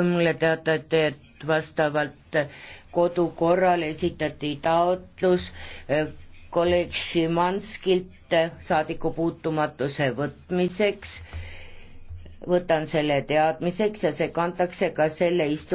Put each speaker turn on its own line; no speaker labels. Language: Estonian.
mulle teatate, et vastavalt kodukorrale esitati taotlus eh, kolleeg Šimanskilt saadikupuutumatuse võtmiseks. võtan selle teadmiseks ja see kantakse ka selle istungi